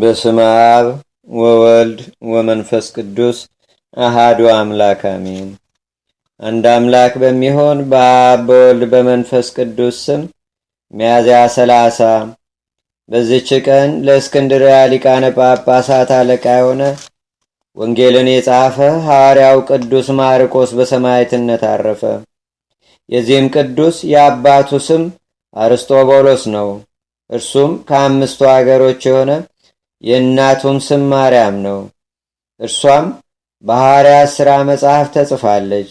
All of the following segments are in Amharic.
በስመ አብ ወወልድ ወመንፈስ ቅዱስ አሃዱ አምላክ አሜን። አንድ አምላክ በሚሆን በአብ በወልድ በመንፈስ ቅዱስ ስም ሚያዝያ ሰላሳ በዚች ቀን ለእስክንድርያ ሊቃነ ጳጳሳት አለቃ የሆነ ወንጌልን የጻፈ ሐዋርያው ቅዱስ ማርቆስ በሰማዕትነት አረፈ። የዚህም ቅዱስ የአባቱ ስም አርስጦቦሎስ ነው። እርሱም ከአምስቱ አገሮች የሆነ የእናቱም ስም ማርያም ነው። እርሷም በሐዋርያ ሥራ መጽሐፍ ተጽፋለች።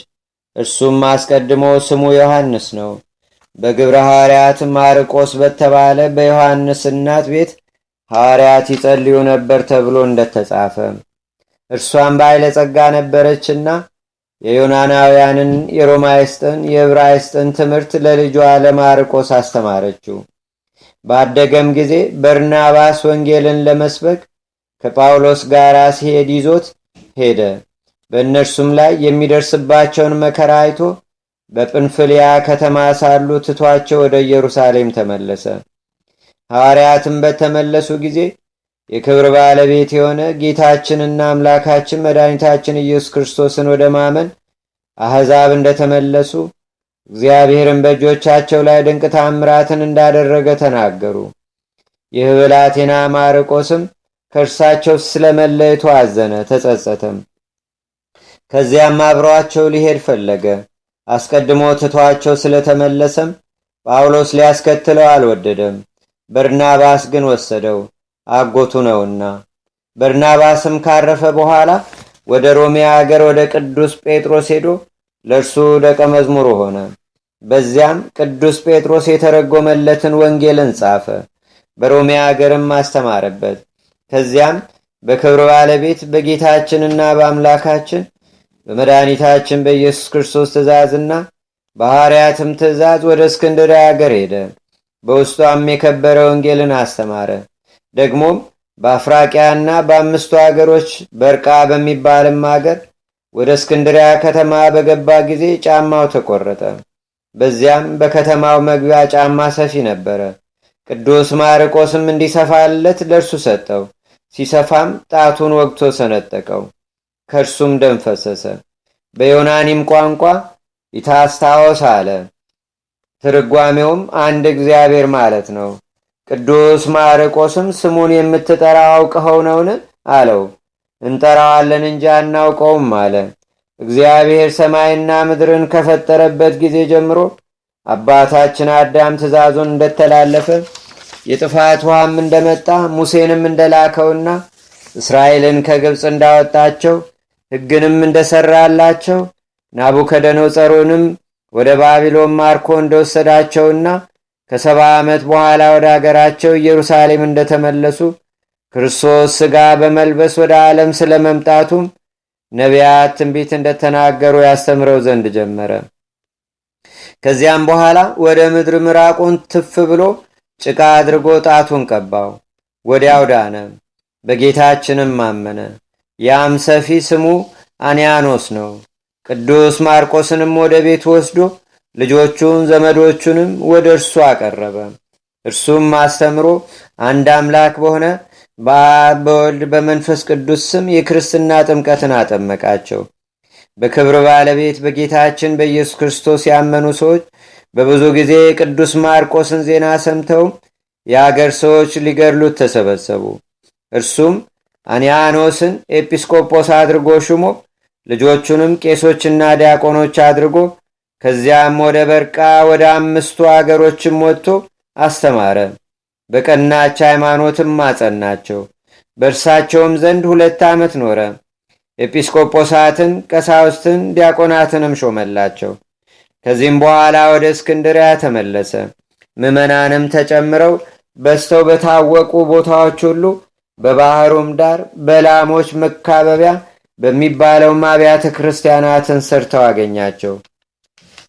እርሱም አስቀድሞ ስሙ ዮሐንስ ነው። በግብረ ሐዋርያት ማርቆስ በተባለ በዮሐንስ እናት ቤት ሐዋርያት ይጸልዩ ነበር ተብሎ እንደተጻፈ፣ እርሷም ጸጋ ነበረችና የዮናናውያንን፣ የሮማይስጥን፣ የዕብራይስጥን ትምህርት ለልጇ ለማርቆስ አስተማረችው። ባደገም ጊዜ በርናባስ ወንጌልን ለመስበክ ከጳውሎስ ጋር ሲሄድ ይዞት ሄደ። በእነርሱም ላይ የሚደርስባቸውን መከራ አይቶ በጵንፍልያ ከተማ ሳሉ ትቷቸው ወደ ኢየሩሳሌም ተመለሰ። ሐዋርያትም በተመለሱ ጊዜ የክብር ባለቤት የሆነ ጌታችንና አምላካችን መድኃኒታችን ኢየሱስ ክርስቶስን ወደ ማመን አሕዛብ እንደተመለሱ እግዚአብሔርም በእጆቻቸው ላይ ድንቅ ታምራትን እንዳደረገ ተናገሩ። ይህ ብላቴና ማርቆስም ከእርሳቸው ስለመለየቱ አዘነ፣ ተጸጸተም። ከዚያም አብረዋቸው ሊሄድ ፈለገ። አስቀድሞ ትቷቸው ስለተመለሰም ጳውሎስ ሊያስከትለው አልወደደም። በርናባስ ግን ወሰደው፣ አጎቱ ነውና። በርናባስም ካረፈ በኋላ ወደ ሮሚያ አገር ወደ ቅዱስ ጴጥሮስ ሄዶ ለእርሱ ደቀ መዝሙር ሆነ። በዚያም ቅዱስ ጴጥሮስ የተረጎመለትን ወንጌልን ጻፈ። በሮሚያ አገርም አስተማረበት። ከዚያም በክብር ባለቤት በጌታችንና በአምላካችን በመድኃኒታችን በኢየሱስ ክርስቶስ ትእዛዝና በሐዋርያትም ትእዛዝ ወደ እስክንድርያ አገር ሄደ። በውስጧም የከበረ ወንጌልን አስተማረ። ደግሞም በአፍራቂያና በአምስቱ አገሮች በርቃ በሚባልም አገር ወደ እስክንድሪያ ከተማ በገባ ጊዜ ጫማው ተቆረጠ። በዚያም በከተማው መግቢያ ጫማ ሰፊ ነበረ። ቅዱስ ማርቆስም እንዲሰፋለት ለእርሱ ሰጠው። ሲሰፋም ጣቱን ወግቶ ሰነጠቀው፣ ከእርሱም ደም ፈሰሰ። በዮናኒም ቋንቋ ይታስታወስ አለ። ትርጓሜውም አንድ እግዚአብሔር ማለት ነው። ቅዱስ ማርቆስም ስሙን የምትጠራ አውቀኸው ነውን? አለው። እንጠራዋለን እንጂ አናውቀውም አለ። እግዚአብሔር ሰማይና ምድርን ከፈጠረበት ጊዜ ጀምሮ አባታችን አዳም ትእዛዙን እንደተላለፈ የጥፋት ውሃም እንደመጣ ሙሴንም እንደላከውና እስራኤልን ከግብፅ እንዳወጣቸው ሕግንም እንደሰራላቸው ናቡከደነጾርንም ወደ ባቢሎን ማርኮ እንደወሰዳቸውና ከሰባ ዓመት በኋላ ወደ አገራቸው ኢየሩሳሌም እንደተመለሱ ክርስቶስ ሥጋ በመልበስ ወደ ዓለም ስለ መምጣቱም ነቢያት ትንቢት እንደተናገሩ ያስተምረው ዘንድ ጀመረ። ከዚያም በኋላ ወደ ምድር ምራቁን ትፍ ብሎ ጭቃ አድርጎ ጣቱን ቀባው። ወዲያው ዳነ፣ በጌታችንም አመነ። ያም ሰፊ ስሙ አንያኖስ ነው። ቅዱስ ማርቆስንም ወደ ቤት ወስዶ ልጆቹን ዘመዶቹንም ወደ እርሱ አቀረበ። እርሱም አስተምሮ አንድ አምላክ በሆነ በአብ በወልድ በመንፈስ ቅዱስ ስም የክርስትና ጥምቀትን አጠመቃቸው። በክብር ባለቤት በጌታችን በኢየሱስ ክርስቶስ ያመኑ ሰዎች በብዙ ጊዜ ቅዱስ ማርቆስን ዜና ሰምተው የአገር ሰዎች ሊገድሉት ተሰበሰቡ። እርሱም አንያኖስን ኤጲስቆጶስ አድርጎ ሹሞ ልጆቹንም ቄሶችና ዲያቆኖች አድርጎ ከዚያም ወደ በርቃ ወደ አምስቱ አገሮችም ወጥቶ አስተማረ። በቀናች ሃይማኖትም ማጸናቸው። በእርሳቸውም ዘንድ ሁለት ዓመት ኖረ። ኤጲስቆጶሳትን፣ ቀሳውስትን፣ ዲያቆናትንም ሾመላቸው። ከዚህም በኋላ ወደ እስክንድሪያ ተመለሰ። ምመናንም ተጨምረው በስተው በታወቁ ቦታዎች ሁሉ በባህሩም ዳር በላሞች መካበቢያ በሚባለውም አብያተ ክርስቲያናትን ሰርተው አገኛቸው።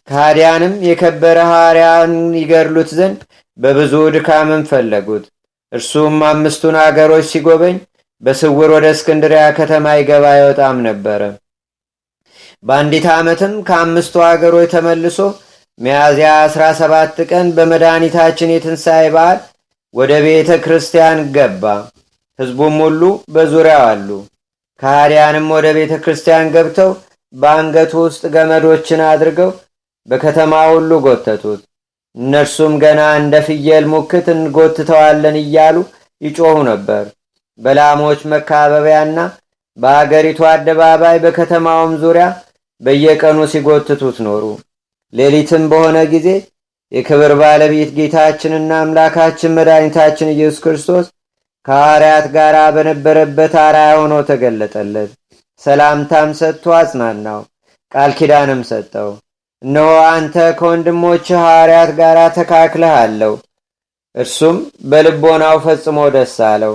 ከሃዲያንም የከበረ ሐዋርያን ይገድሉት ዘንድ በብዙ ድካምም ፈለጉት። እርሱም አምስቱን አገሮች ሲጎበኝ በስውር ወደ እስክንድሪያ ከተማ ይገባ አይወጣም ነበረ። በአንዲት ዓመትም ከአምስቱ አገሮች ተመልሶ ሚያዝያ 17 ቀን በመድኃኒታችን የትንሣኤ በዓል ወደ ቤተ ክርስቲያን ገባ። ሕዝቡም ሁሉ በዙሪያው አሉ። ከሃዲያንም ወደ ቤተ ክርስቲያን ገብተው በአንገቱ ውስጥ ገመዶችን አድርገው በከተማ ሁሉ ጎተቱት። እነርሱም ገና እንደ ፍየል ሙክት እንጎትተዋለን እያሉ ይጮኹ ነበር። በላሞች መካበቢያና በአገሪቱ አደባባይ በከተማውም ዙሪያ በየቀኑ ሲጎትቱት ኖሩ። ሌሊትም በሆነ ጊዜ የክብር ባለቤት ጌታችንና አምላካችን መድኃኒታችን ኢየሱስ ክርስቶስ ከሐዋርያት ጋር በነበረበት አርአያ ሆኖ ተገለጠለት። ሰላምታም ሰጥቶ አጽናናው፣ ቃል ኪዳንም ሰጠው። እነሆ አንተ ከወንድሞች ሐዋርያት ጋር ተካክለሃለሁ። እርሱም በልቦናው ፈጽሞ ደስ አለው።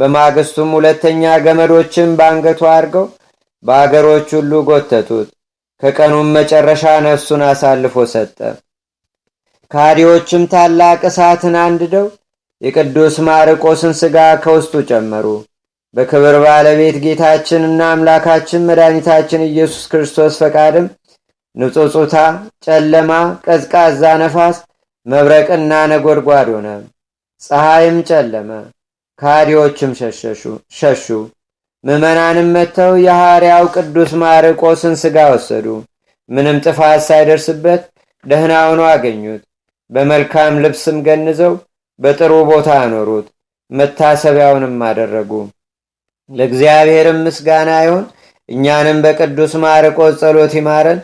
በማግስቱም ሁለተኛ ገመዶችን በአንገቱ አድርገው በአገሮች ሁሉ ጎተቱት። ከቀኑም መጨረሻ ነፍሱን አሳልፎ ሰጠ። ካዲዎችም ታላቅ እሳትን አንድደው የቅዱስ ማርቆስን ሥጋ ከውስጡ ጨመሩ። በክብር ባለቤት ጌታችንና አምላካችን መድኃኒታችን ኢየሱስ ክርስቶስ ፈቃድም ንጹጹታ፣ ጨለማ፣ ቀዝቃዛ ነፋስ፣ መብረቅና ነጎድጓድ ሆነ። ፀሐይም ጨለመ፣ ካዲዎችም ሸሹ። ምዕመናንም መጥተው የሐርያው ቅዱስ ማርቆስን ሥጋ ወሰዱ። ምንም ጥፋት ሳይደርስበት ደህና ሆኖ አገኙት። በመልካም ልብስም ገንዘው በጥሩ ቦታ አኖሩት። መታሰቢያውንም አደረጉ። ለእግዚአብሔርም ምስጋና ይሁን። እኛንም በቅዱስ ማርቆስ ጸሎት ይማረን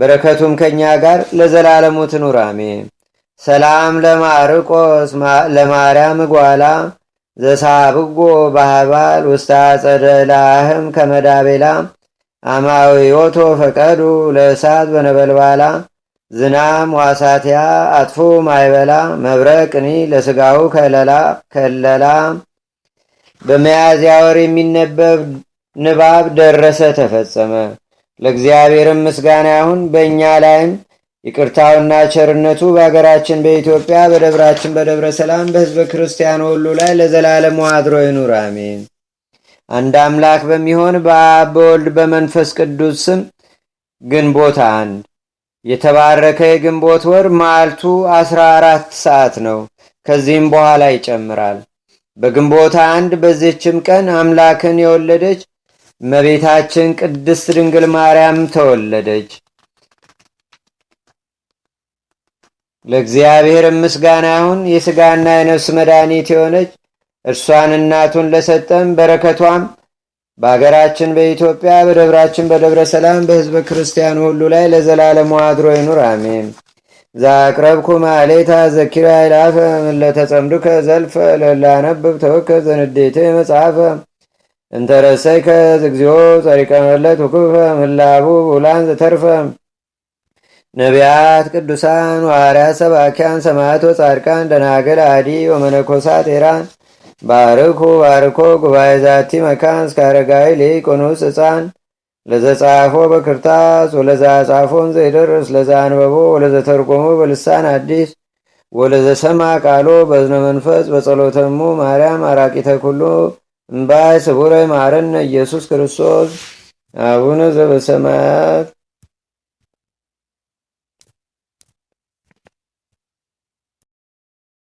በረከቱም ከእኛ ጋር ለዘላለሙ ትኑር አሜን። ሰላም ለማርቆስ ለማርያም እጓላ ዘሳብጎ ባህባል ውስታ ጸደላህም ከመዳቤላ ከመዳቤላ ወቶ ፈቀዱ ለእሳት በነበልባላ ዝናም ዋሳትያ አጥፉ ማይበላ መብረቅኒ ለስጋው ከለላ በመያዝያ ወር የሚነበብ ንባብ ደረሰ ተፈጸመ። ለእግዚአብሔርም ምስጋና ይሁን። በእኛ ላይም ይቅርታውና ቸርነቱ በሀገራችን በኢትዮጵያ በደብራችን በደብረ ሰላም በህዝበ ክርስቲያን ሁሉ ላይ ለዘላለሙ አድሮ ይኑር። አሜን። አንድ አምላክ በሚሆን በአብ በወልድ በመንፈስ ቅዱስ ስም ግንቦት አንድ የተባረከ የግንቦት ወር ማልቱ 14 ሰዓት ነው። ከዚህም በኋላ ይጨምራል። በግንቦት አንድ በዚህችም ቀን አምላክን የወለደች እመቤታችን ቅድስት ድንግል ማርያም ተወለደች። ለእግዚአብሔር ምስጋና ይሁን። የሥጋና የነፍስ መድኃኒት የሆነች እርሷን እናቱን ለሰጠን በረከቷም በአገራችን በኢትዮጵያ በደብራችን በደብረ ሰላም በሕዝበ ክርስቲያን ሁሉ ላይ ለዘላለሙ አድሮ ይኑር፣ አሜን። ዛቅረብኩ ማሌታ ዘኪራ ይላፈ ለተጸምዱከ ዘልፈ ለላነብብ ተወከ ዘንዴቴ መጽሐፈ እንተረሰይከ እግዚኦ ጸሪቀ መለት ውክፈ ምላቡ ውላን ዘተርፈ ነቢያት ቅዱሳን ዋርያት ሰባኪያን ሰማያት ወጻድቃን ደናገል አዲ ወመነኮሳት ኤራን ባርኩ ባርኮ ጉባኤ ዛቲ መካን እስከ አረጋዊ ሊቅ ኑስ ህፃን ለዘጻፎ በክርታስ ወለዛ ጻፎን ዘይደርስ ለዛ አንበቦ ወለዘተርጎሞ በልሳን አዲስ ወለዘሰማ ቃሎ በዝነ መንፈስ በጸሎተሙ ማርያም አራቂተ ኩሉ እምባይ ስቡረ ማረነ ኢየሱስ ክርስቶስ አቡነ ዘበሰማያት